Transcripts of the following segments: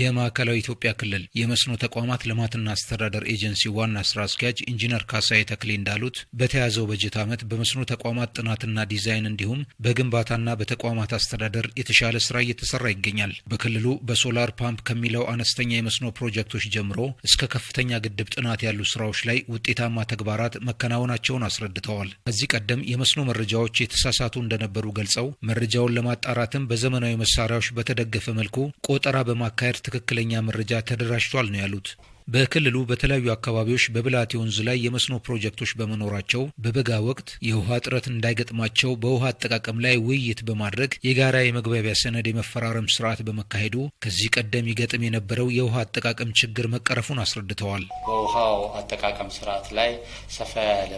የማዕከላዊ ኢትዮጵያ ክልል የመስኖ ተቋማት ልማትና አስተዳደር ኤጀንሲ ዋና ስራ አስኪያጅ ኢንጂነር ካሳይ ተክሌ እንዳሉት በተያዘው በጀት ዓመት በመስኖ ተቋማት ጥናትና ዲዛይን እንዲሁም በግንባታና በተቋማት አስተዳደር የተሻለ ስራ እየተሰራ ይገኛል። በክልሉ በሶላር ፓምፕ ከሚለው አነስተኛ የመስኖ ፕሮጀክቶች ጀምሮ እስከ ከፍተኛ ግድብ ጥናት ያሉ ስራዎች ላይ ውጤታማ ተግባራት መከናወናቸውን አስረድተዋል። ከዚህ ቀደም የመስኖ መረጃዎች የተሳሳቱ እንደነበሩ ገልጸው መረጃውን ለማጣራትም በዘመናዊ መሳሪያዎች በተደገፈ መልኩ ቆጠራ በማካሄድ ትክክለኛ መረጃ ተደራጅቷል ነው ያሉት። በክልሉ በተለያዩ አካባቢዎች በብላቴ ወንዝ ላይ የመስኖ ፕሮጀክቶች በመኖራቸው በበጋ ወቅት የውሃ እጥረት እንዳይገጥማቸው በውሃ አጠቃቀም ላይ ውይይት በማድረግ የጋራ የመግባቢያ ሰነድ የመፈራረም ስርዓት በመካሄዱ ከዚህ ቀደም ይገጥም የነበረው የውሃ አጠቃቀም ችግር መቀረፉን አስረድተዋል። በውሃው አጠቃቀም ስርዓት ላይ ሰፋ ያለ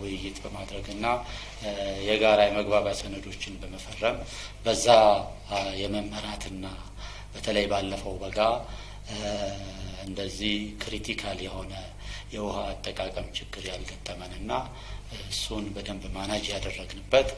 ውይይት በማድረግና የጋራ የመግባቢያ ሰነዶችን በመፈረም በዛ የመመራትና። በተለይ ባለፈው በጋ እንደዚህ ክሪቲካል የሆነ የውሃ አጠቃቀም ችግር ያልገጠመንና እሱን በደንብ ማናጅ ያደረግንበት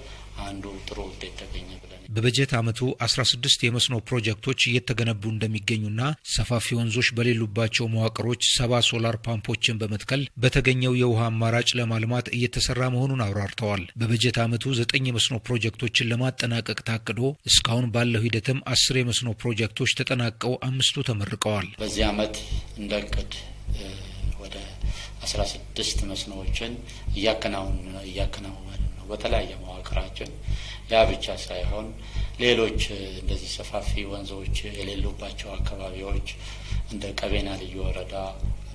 አንዱ ጥሩ ውጤት ተገኘ ብለን በበጀት ዓመቱ 16 የመስኖ ፕሮጀክቶች እየተገነቡ እንደሚገኙና ሰፋፊ ወንዞች በሌሉባቸው መዋቅሮች ሰባ ሶላር ፓምፖችን በመትከል በተገኘው የውሃ አማራጭ ለማልማት እየተሰራ መሆኑን አብራርተዋል። በበጀት ዓመቱ ዘጠኝ የመስኖ ፕሮጀክቶችን ለማጠናቀቅ ታቅዶ እስካሁን ባለው ሂደትም አስር የመስኖ ፕሮጀክቶች ተጠናቀው አምስቱ ተመርቀዋል። በዚህ ዓመት እንደ እቅድ ወደ አስራ ስድስት መስኖዎችን እያከናወን እያከናወን ነው በተለያየ መዋቅራችን። ያ ብቻ ሳይሆን ሌሎች እንደዚህ ሰፋፊ ወንዞች የሌሉባቸው አካባቢዎች እንደ ቀቤና ልዩ ወረዳ፣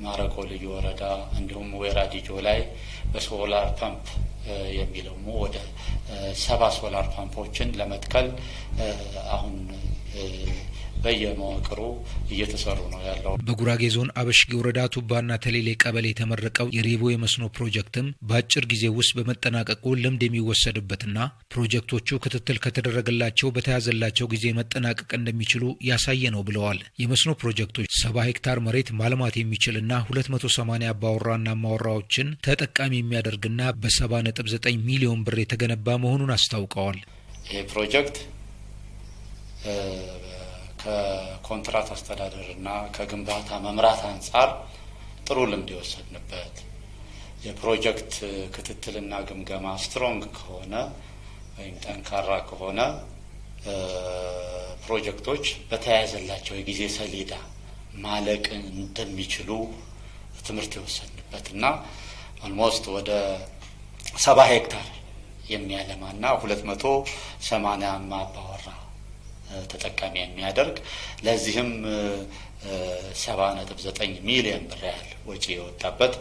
ማረቆ ልዩ ወረዳ እንዲሁም ወይራ ዲጆ ላይ በሶላር ፓምፕ የሚለው ወደ ሰባ ሶላር ፓምፖችን ለመትከል አሁን በየመዋቅሩ እየተሰሩ ነው ያለው። በጉራጌ ዞን አበሽጌ ወረዳ ቱባና ተሌሌ ቀበሌ የተመረቀው የሬቦ የመስኖ ፕሮጀክትም በአጭር ጊዜ ውስጥ በመጠናቀቁ ልምድ የሚወሰድበትና ፕሮጀክቶቹ ክትትል ከተደረገላቸው በተያዘላቸው ጊዜ መጠናቀቅ እንደሚችሉ ያሳየ ነው ብለዋል። የመስኖ ፕሮጀክቶች ሰባ ሄክታር መሬት ማልማት የሚችልና 280 አባወራና ማወራዎችን ተጠቃሚ የሚያደርግና በ 79 ሚሊዮን ብር የተገነባ መሆኑን አስታውቀዋል። ይህ ፕሮጀክት ከኮንትራት አስተዳደር ከግንባታ መምራት አንጻር ጥሩ ልምድ የወሰድንበት የፕሮጀክት ክትትልና ግምገማ ስትሮንግ ከሆነ ወይም ጠንካራ ከሆነ ፕሮጀክቶች በተያያዘላቸው የጊዜ ሰሌዳ ማለቅ እንደሚችሉ ትምህርት የወሰድንበት እና አልሞስት ወደ ሰባ ሄክታር የሚያለማና ሁለት መቶ ሰማኒያ አባወራ ተጠቃሚ የሚያደርግ ለዚህም ሰባ ነጥብ ዘጠኝ ሚሊዮን ብር ያህል ወጪ የወጣበት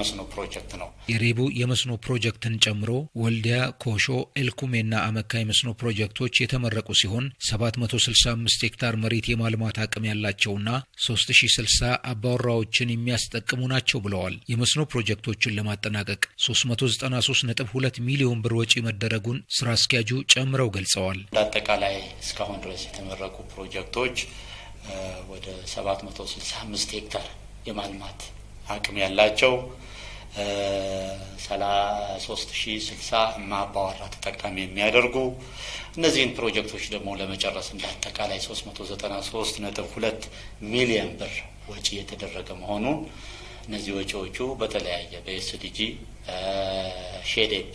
መስኖ ፕሮጀክት ነው። የሬቡ የመስኖ ፕሮጀክትን ጨምሮ ወልዲያ፣ ኮሾ፣ ኤልኩሜና አመካ የመስኖ ፕሮጀክቶች የተመረቁ ሲሆን 765 ሄክታር መሬት የማልማት አቅም ያላቸውና 3060 አባወራዎችን የሚያስጠቅሙ ናቸው ብለዋል። የመስኖ ፕሮጀክቶችን ለማጠናቀቅ 393.2 ሚሊዮን ብር ወጪ መደረጉን ስራ አስኪያጁ ጨምረው ገልጸዋል። በአጠቃላይ እስካሁን ድረስ የተመረቁ ፕሮጀክቶች ወደ 765 ሄክታር የማልማት አቅም ያላቸው ሶስት ሺ ስልሳ እማባዋራ ተጠቃሚ የሚያደርጉ እነዚህን ፕሮጀክቶች ደግሞ ለመጨረስ እንደ አጠቃላይ ሶስት መቶ ዘጠና ሶስት ነጥብ ሁለት ሚሊዮን ብር ወጪ የተደረገ መሆኑን እነዚህ ወጪዎቹ በተለያየ በኤስዲጂ ሼዴፕ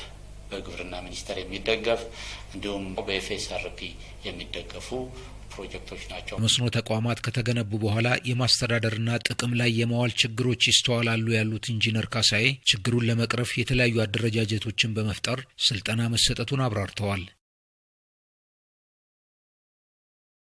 በግብርና ሚኒስቴር የሚደገፍ እንዲሁም በኤፍኤስአርፒ የሚደገፉ ፕሮጀክቶች ናቸው። መስኖ ተቋማት ከተገነቡ በኋላ የማስተዳደርና ጥቅም ላይ የመዋል ችግሮች ይስተዋላሉ ያሉት ኢንጂነር ካሳዬ ችግሩን ለመቅረፍ የተለያዩ አደረጃጀቶችን በመፍጠር ስልጠና መሰጠቱን አብራርተዋል።